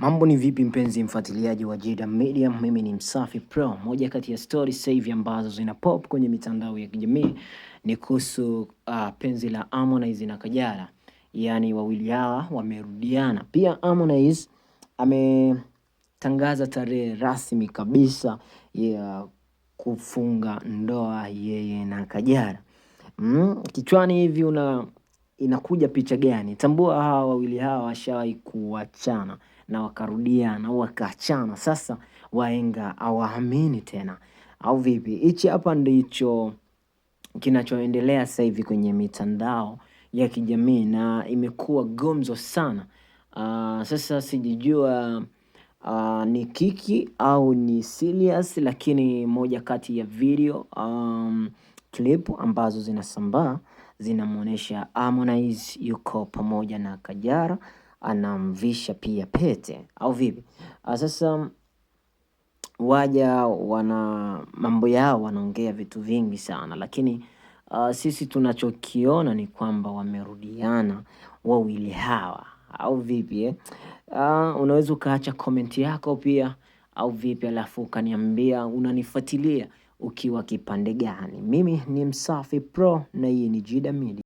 Mambo ni vipi mpenzi mfuatiliaji wa Jida Media, mimi ni Msafi Pro. Moja kati ya story save ambazo zina pop kwenye mitandao ya kijamii ni kuhusu uh, penzi la Harmonize na Kajala, yaani wawili hawa wamerudiana. Pia Harmonize ametangaza tarehe rasmi kabisa ya kufunga ndoa yeye na Kajala. Mm, kichwani hivi una inakuja picha gani? Tambua hawa wawili hawa washawahi kuachana na wakarudiana au wakaachana, sasa waenga awaamini tena au vipi? Hichi hapa ndicho kinachoendelea sasa hivi kwenye mitandao ya kijamii na imekuwa gumzo sana. Uh, sasa sijijua uh, ni kiki au ni serious, lakini moja kati ya video um, Clip ambazo zinasambaa zinamuonesha Harmonize yuko pamoja na Kajala anamvisha pia pete au vipi? Ah, sasa waja wana mambo yao, wanaongea vitu vingi sana, lakini uh, sisi tunachokiona ni kwamba wamerudiana wawili hawa au vipi eh? Uh, unaweza ukaacha komenti yako pia au vipi, alafu ukaniambia unanifuatilia ukiwa kipande gani? Mimi ni Msafi Pro na hii ni Jida Media.